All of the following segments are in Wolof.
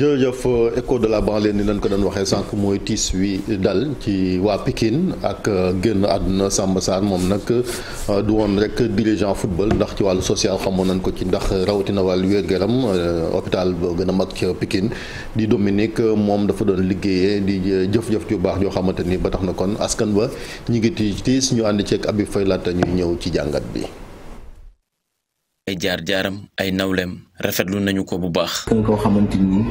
jërëjëf écho de la banlieue ni leen ko doon waxee sànq mooy tiis wi dal ci waa Pikine ak euh, génn àdduna Samba Sarr moom nag euh, du woon rek dirigeant football ndax ci wàllu social xamoon nañ ko ci ndax rawatina wàllu wér-gu-yaram euh, hôpital ba gën a mag ci Pikine di Dominique moom dafa doon liggéeyee di jëf-jëf ju baax yoo xamante ni ba tax na kon askan ba ñu ngi ci tiis ñu ànd ceeg Abi Fay laata ñuy ñëw ci jàngat bi. ay jaar-jaaram ay nawleem rafetlu nañu ko bu baax. kenn koo xamante ni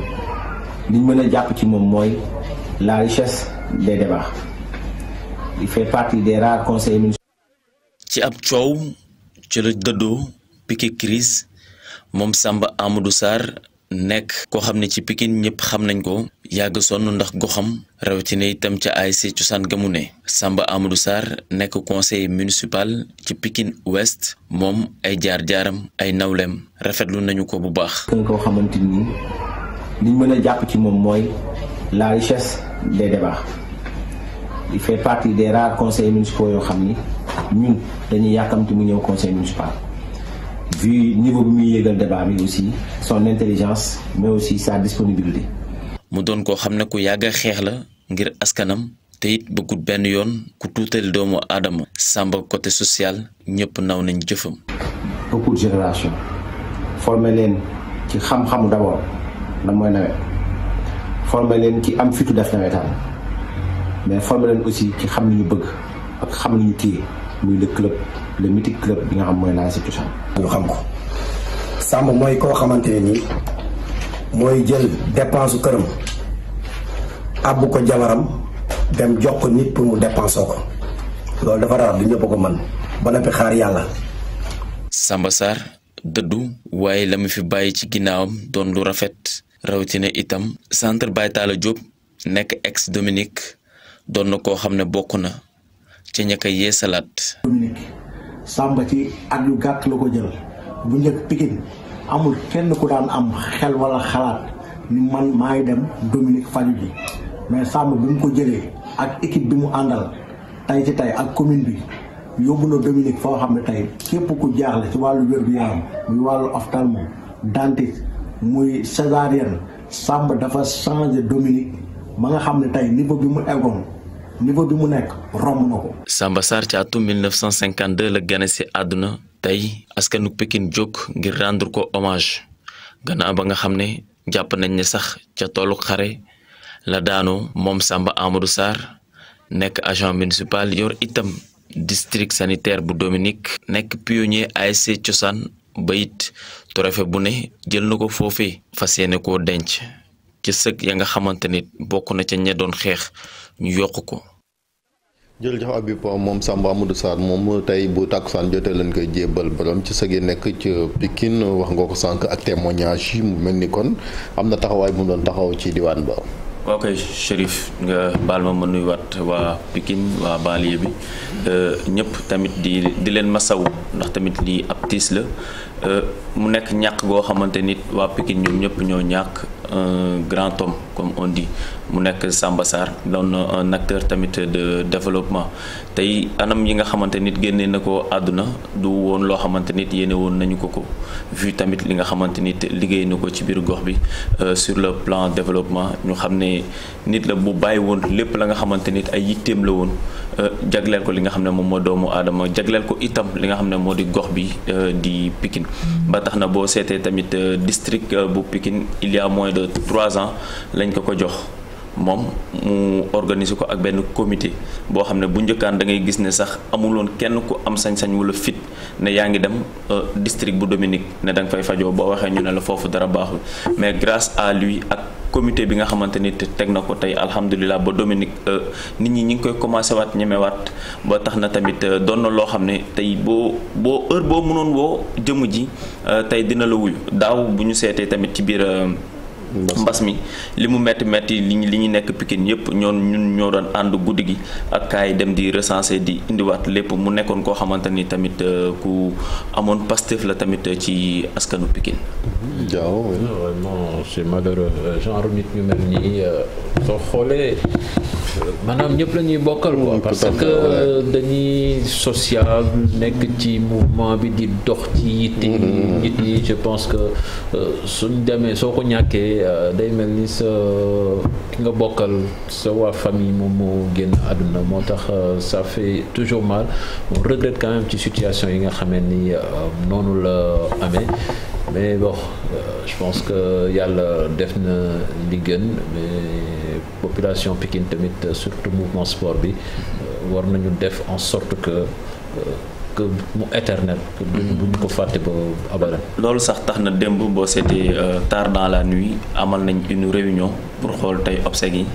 liñ ci moom mooy la richesse des débats il fait partie des rares ci ab coow ci la dëddoo crise moom Samba Amadou Sarr nekk koo xam ne ci Pikine ñëpp xam nañ ko yàgg sonn ndax goxam rawatina itam ca ASC cosaan ga mu ne sàmba Amadou Sarr nekk conseiller municipal ci pikin west moom ay jaar-jaaram ay nawleem rafetlu nañu ko bu baax. koo xamante ni liñ mën jàpp ci moom mooy la richesse des débats il fait partie des rares conseils municipaux yoo xam ni ñun dañuy yàkkamti mu ñëw conseil municipal. vu niveau bi muy yéegal débat bi aussi son intelligence mais aussi sa disponibilité. mu doon koo xam ne ku yàgg xeex la ngir askanam te it benn yoon ku tuutali doomu aadama. Samba côté social ñëpp naw nañ jëfam. beaucoup de génération formé leen ci xam-xamu d'abord lan mooy nawet formé leen ci am fitu def nawetaan mais formé leen aussi ci xam li ñu bëgg ak xam li ñu téye muy le club. le mythique club xam mooy la mooy koo xamante ne mooy jël dépense su këram abbu ko jabaram dem jox ko nit mu dépensé ko dafa ko mën ba noppi xaar yàlla. Samba Sarr dëddu waaye la mu fi bàyyi ci ginnaawam doon lu rafet rawatina itam centre Baye Talla Diop nekk ex Dominique doon na koo xam ne bokk na ci ña koy yeesalaat. Samba ci at yu gàtt la ko jël bu njëkk Pikine amul kenn ku daan am xel wala xalaat ni man maa ngi dem Dominique faju ji mais Samba bi mu ko jëlee ak équipe bi mu àndal tey ci tey ak commune bi yóbbu na Dominique foo xam ne tey képp ku jaaxle ci wàllu wér-gu-yaram muy wàllu ophtalmo dentiste muy césarienne Samba dafa changé Dominique ba nga xam ne tey niveau bi mu eggoon niveau bi mu nekk romb na ko. Samba Sarr ci la gane si àdduna tey askanu pekin jóg ngir rendre ko hommage gannaaw ba nga xam ne jàpp nañ ne sax ca toolu xare la daanoo moom Samba Amadou Sarr nekk agent municipal yor itam district sanitaire bu Dominique nekk pionnier ASC Cosaan ba it trophée bu ne jël na ko foofee fas yéene koo denc. ci sëg ya nga xamante ni bokk na ca ña doon xeex ñu yokk ko. jërëjëf Habib moom Samba Amadou Sarr moom tey bu tàkkusaan jotee lañ koy jébbal borom ci sëg yi nekk ci Pikine wax nga ko sànq ak témoignage yi mu mel ni kon am na taxawaay bu mu doon taxaw ci diwaan ba. waaw kay Chérif nga baal ma ma nuyuwaat waa Pikine waa banlieue bi euh, ñëpp tamit di di leen ma saw ndax tamit lii ab tiis la euh, mu nekk ñàkk goo xamante nit waa Pikine ñoom ñëpp ñoo ñàkk. un grand homme comme on dit mu nekk Samba Sarr doon na un nacteur tamit de développement tey anam yi nga xamante nit génnee na ko àdduna du woon loo xamante nit yéene woon nañu ko ko vu tamit li nga xamante nit liggéey na ko ci biir gox bi euh, sur le plan développement ñu xam ne nit la bu bàyyi woon lépp la nga xamante nit ay yitteem la woon jagleel ko li nga xam ne moom moo doomu aadama jagleel ko itam li nga xam ne moo di gox bi euh, di Pikine ba tax na boo seetee tamit euh, district euh, bu Pikine il y moins de trois ans lañ ko ko jox moom mu organiser ko ak benn comité boo xam ne bu njëkkaan da ngay gis ne sax amuloon kenn ku am sañ-sañ wala fit ne yaa ngi dem euh, district bu Dominique ne da nga fay fajoo boo waxee ñu ne la foofu dara baaxul mais grâce à lui ak comité bi nga xamante ni teg na ko tey alhamdulilah ba Dominique euh, nit ñi ñi ngi koy commencé waat ñemewaat ba tax na tamit euh, doon na loo xam ne tey boo boo heure boo mënoon woo jëmm ji tey dina la wuyu daaw bu ñu seetee tamit ci biir. mbas mi li mu metti metti li li ñu nekk Pikine yëpp ñoon ñun ñoo doon ànd guddi gi ak kaay dem di recenser di indiwaat lépp mu nekkoon koo xamante ni tamit euh, ku amoon Pastef la tamit euh, ci askanu pikin jaaw vraiment euh, c'est malheureux genre nit ñu mel nii soo xoolee maanaam ñëpp lañuy ñuy bokkal quoi parce que dañuy social nekk ci mouvement bi di dox ci yitte mm-hmm. nit ñi je pense que suñ demee soo ko ñàkkee Euh, day mel ni sa ki nga bokkal sa waa famille moom mu génn àdduna moo tax euh, ça fait toujours mal on regrette quand même ci situation yi nga xamee ni euh, noonu la amee mais bon je pense que yàlla def na li gën mais population Pikine tamit surtout mouvement sport bi war nañu def en sorte que. que mu éternel. Mhm. buñ ko fàtte loolu sax tax na démb boo seetee euh, tard dans la nuit amal nañ une réunion pour xool tey obsèques yi.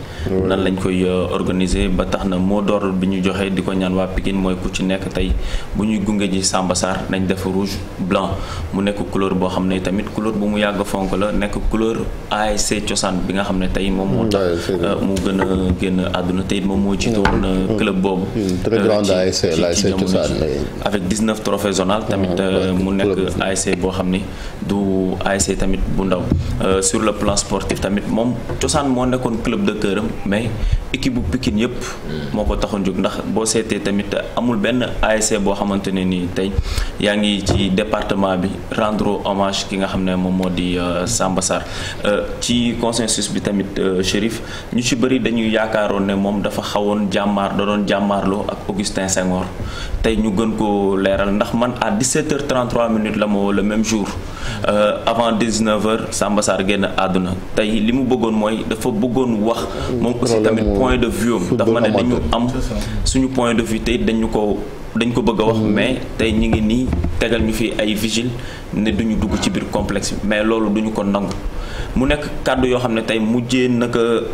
nan lañ koy euh, organiser ba tax na moo door bi ñu joxee di ko ñaan waa Pikine mooy ku ci nekk tey bu ñuy gunge ji Samba Sarr nañ def rouge blanc mu nekk couleur boo xam ne tamit couleur bu mu yàgg fonk la nekk couleur ASC cosaan bi nga xam ne tey moom moo tax mm, euh, mu gën a génn àdduna tey moom moo jiitoon mm, mm. club boobu. très grande ASC la ASC cosaan avec 19 trophées zonales tamit euh, mu nekk ASC boo xam ni du ASC tamit bu ndaw euh, sur le plan sportif tamit moom cosaan moo nekkoon club de cœur am mais équipe bu Pikine yëpp moo ko taxoon jóg ndax boo seetee tamit amul benn ASC boo xamante ne nii tey yaa ngi ci département bi rendre hommage ki nga xam ne moom moo di euh, Samba Sarr ci consensus bi tamit Chérif ñu ci bëri dañuy yaakaaroon ne moom dafa xawoon jàmmaar da doon jàmmaarloo ak Augustin Senghor tey ñu ko leeral ndax man à 17h33 minutes la ma woo le même jour euh, avant 19h Samba Sarr génn àdduna tey li mu bëggoon mooy dafa bëggoon wax. moom aussi tamit point de vue am dafa ne dañu am suñu point de vue tey dañu ko dañ ko bëgg a wax mais tey ñu ngi nii tegal ñu fi ay vigile ne duñu dugg ci biir complex bi mais loolu duñu ko nangu. mu nekk kàddu yoo xam ne tey mujjee na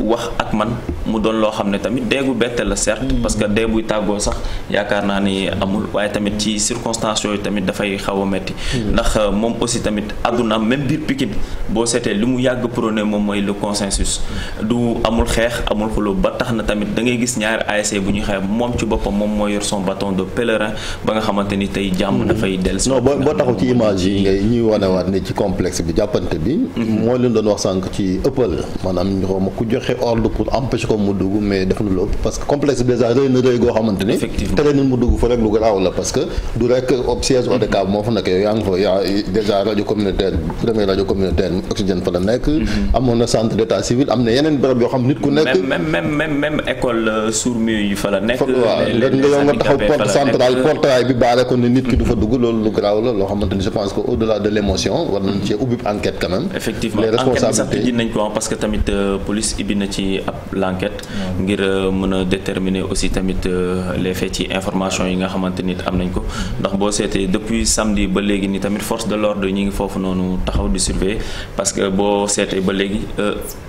wax ak man mu doon loo xam ne tamit deegu bette la certes mm. parce que dee buy tàggoo sax yaakaar naa ni amul waaye tamit ci circonstances yi tamit dafay xaw a metti mm. ndax euh, moom aussi tamit àdduna même biir Pikine boo seetee li mu yàgg prôné moom mooy le consensus mm. du amul xeex amul xuloo ba tax na tamit da ngay gis ñaari ASC bu ñuy xeex moom ci boppam moom mooy yor son bâton de pèlerin ba nga xamante ni tey jàmm dafay dellu non boo taxaw ci image yi ngay ñuy wanewaat ne ci complexe bi jàppante bi mm-hmm. ñu doon wax sànq ci ëppal maanaam ñu xaw ku joxe ordre pour empêcher ko mu dugg mais def na lu ëpp parce que complexe bi dèjà na rëy goo xamante tere na mu dugg fa rek lu garaaw la parce que du rek ob siège ODCAV moo fa nekk yow yaa ngi fa yaa dèjà rajo communautaire premier rajo communautaire oxygène fa la nekk mhm. amoon na centre d' civil am na yeneen barab yoo xam nit ku nekk même école euh, sourds-muets yi fa la nekk waaw nga yow nga taxaw responsabilité enquête bi sax nañ ko ah, parce que tamit euh, police ibbi na ci ab l'enquête ngir euh, mën a déterminer aussi tamit euh, les faits ci information yi nga xamante nit am nañ ko ndax boo seetee depuis samedi ba léegi nii tamit force de l'ordre ñu ngi foofu noonu taxaw di surveiller parce que boo seetee ba léegi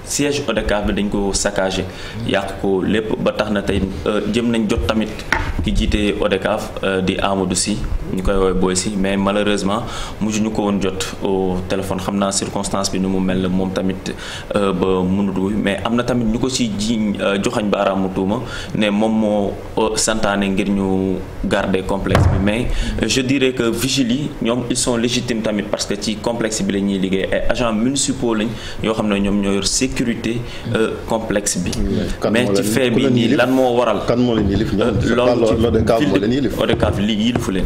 siège ODCAV bi dañ ko saccagé yàq ko lépp ba tax na tey jëm nañ jot tamit ki jiitee jiite ODCAV di Amadou si ñu koy woowee Boy si mais malheureusement mujj ñu ko woon jot au téléphone xam naa circonstance bi nu mu mel moom tamit euh, ba mënut wuy mais am na tamit ñu ko ci jiiñ euh, joxañ ba tuuma ne moom moo euh, santaane ngir ñu garde complexe bi mais je dirais que vigiles yi ñoom ils sont légitimes tamit parce que ci complexe bi la ñuy liggéey ay agent agents municipaux lañ yoo xam ne ñoom ñoo yor sécurité complexe bi mais ci fait bi nii lan moo waral loolu ci ODCAV lii yilifu leen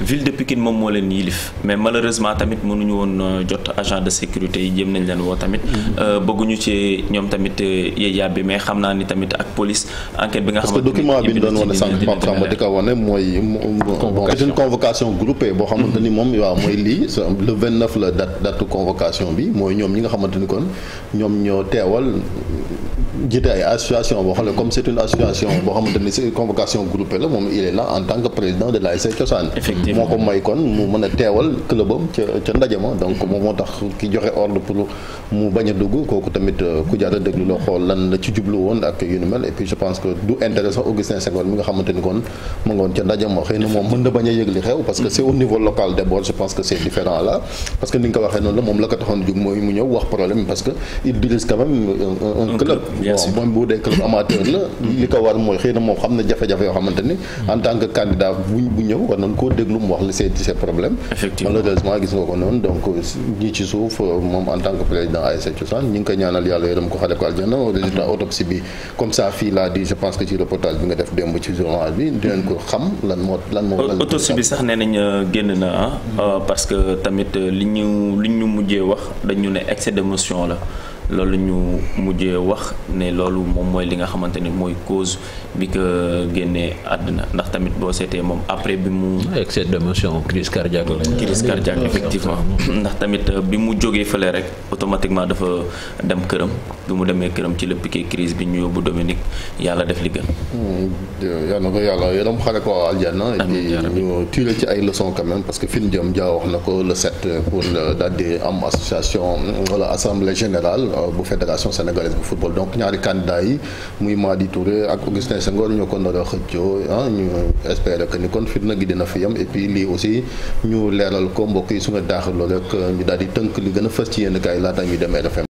ville de Pikine moom moo leen yilif mais malheureusement tamit mënuñu woon euh, jot agent de sécurité yi jëm nañ leen woo tamit. Mm-hmm. Euh, bëgguñu ci ñoom tamit euh, yéey yàbbi mais xam naa ni tamit ak police enquête bi nga. xamante ni parce que ñu doon wane sànq Pape Samba di convocation c'est une convocation groupée ni moom waaw mooy lii le 29 la date convocation bi mooy ñoom ñi nga xamante ni kon ñoom ñoo teewal. jiite ay association boo xam convocation groupée la moom il est en tant que président de l'ASC Cosaan moo ko may kon mu mën a teewal clubam ca ca ndaje moom mu bañ a dugg kooku tamit euh, ku jaata déglu la xool lan la ci jublu woon ak yu ni mel et puis je pense que du intéressant Augustin Senghor mi nga xamante ni kon mu ngoon ca ndaje ma xëy na moom mën na bañ a yëg li xew parce que c'est au niveau local d'abord je pense que c'est différent là parce que ni nga waxee noonu la moom la ko taxoon jóg mooy mu ñëw wax problème parce que il dirige quand même euh, club moom xam na jafe déglu mu wax la seen ses problèmes. malheureusement gis nga ko noonu donc ñi ci suuf moom en tant que président ASC Cosaan ñi ngi koy ñaanal yàlla yërëm ko xale ko aljana résultat autopsie bi comme ça fii laa di je pense que ci reportage bi nga def démb ci journal bi dinañ ko xam lan moo lan moo. autopsie bi sax nee nañ euh, génn na euh, parce que tamit euh, li ñu li ñu mujjee wax dañu ne excès d'émotion la. loolu ñu mujjee wax ne loolu moom mooy li nga xamante ni mooy cause bi ko génnee àdduna ndax tamit boo seetee moom après bi mu. excès d'émotion crise cardiaque crise cardiaque effectivement ndax tamit euh, bi mu jógee fële rek automatiquement dafa dem këram bi mu demee këram ci la piqué crise bi ñu yóbbu Dominique yàlla def li gën. Hmm, yal ko yàlla yërëm xale ko aljanna. amiin ci ay leçons parce que fi ñu jëm jaa wax na ko le 7 pour daal di am association wala assemblée générale. Euh, bu fédération sénégalaise bu football donc ñaari candidat yi muy Madi Touré ak Augustin Senghor ñoo ko nar a xëccoo ah ñu espérer que ni kon fitna gi dina fi yam et puis lii aussi ñu leeral ko mbokk yi su nga daax loolu rek ñu daal di tënk li gën a fës ci yenn laa laata ñuy demee RFM